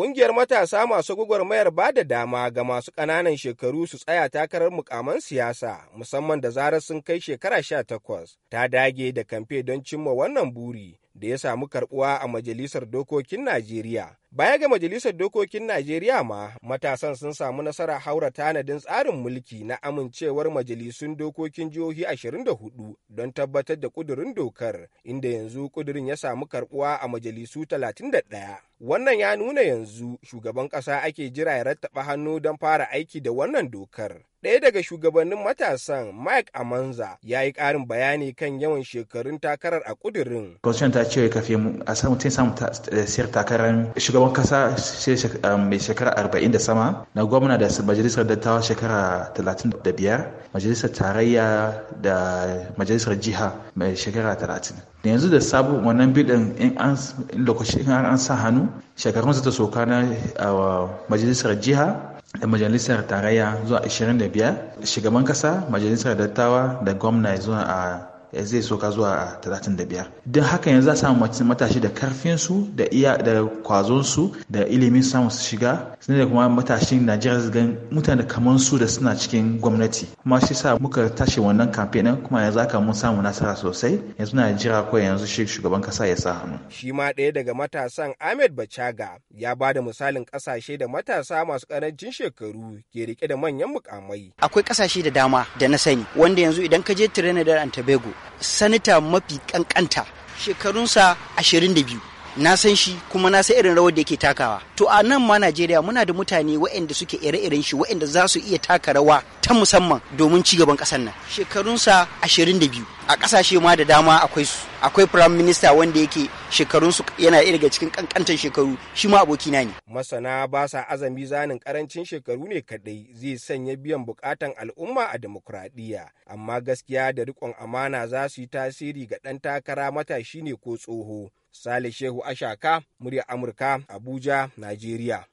Ƙungiyar matasa masu gwagwarmayar ba da dama ga masu ƙananan shekaru su tsaya takarar mukaman siyasa musamman da zarar sun kai shekara sha takwas ta dage da kamfe don cimma wannan buri da ya samu karbuwa a Majalisar Dokokin Najeriya. Baya ga Majalisar Dokokin Najeriya ma, matasan sun samu nasara haura tanadin tsarin mulki na amincewar majalisun dokokin jihohi 24 don tabbatar da ƙudurin dokar, inda yanzu ƙudurin ya samu karbuwa a majalisu 31. Wannan ya nuna yanzu shugaban ƙasa ake jira ya rattaba hannu don fara aiki da wannan dokar. Ɗaya daga shugabannin matasan Mike Amanza ya yi ƙarin bayani kan yawan shekarun takarar a ƙudurin. Constitution ta cewa kafin a samu tun samu eh, siyar takarar shugaban kasa eh, mai shekara arba'in da sama na gwamna da majalisar dattawa shekara talatin da biyar majalisar tarayya da majalisar jiha mai shekara talatin. Da yanzu da sabu wannan bidin in an lokaci in an sa hannu kenan shekarun su ta soka na majalisar jiha da majalisar tarayya zuwa 25 shugaban kasa majalisar dattawa da gwamna zuwa a Eh, zai soka zuwa 35 don haka yanzu za samu matashi da karfinsu da iya da kwazonsu da ilimin samu su shiga sun da kuma matashin najeriya su mutane kamar su da suna cikin gwamnati kuma shi sa muka tashi wannan kamfe kuma yanzu haka mun samu nasara sosai yanzu na jira ko yanzu shi shugaban kasa ya sa hannu. shi ma ɗaya daga matasan ahmed bachaga ya ba da misalin ƙasashe da matasa masu ƙarancin shekaru ke rike da manyan mukamai. akwai ƙasashe da dama da na sani wanda yanzu idan ka je trinidad and tobago sanita mafi kankanta shekarunsa 22 na san shi kuma na san irin rawar da yake takawa to a nan ma najeriya muna da mutane waɗanda suke ire-iren shi waɗanda za su iya taka rawa ta musamman domin ci gaban ƙasar nan shekarunsa 22 a ƙasashe ma da dama akwai su akwai prime minister wanda yake shekarunsu yana daga cikin kankantar shekaru shi ma abokina ne masana ba sa azami zanin karancin shekaru ne kadai zai sanya biyan bukatan al'umma a demokuraɗiyya amma gaskiya da rikon amana za su yi tasiri ga ɗan takara matashi ne ko tsoho Sale Shehu Ashaka, murya Amurka, Abuja, Najeriya.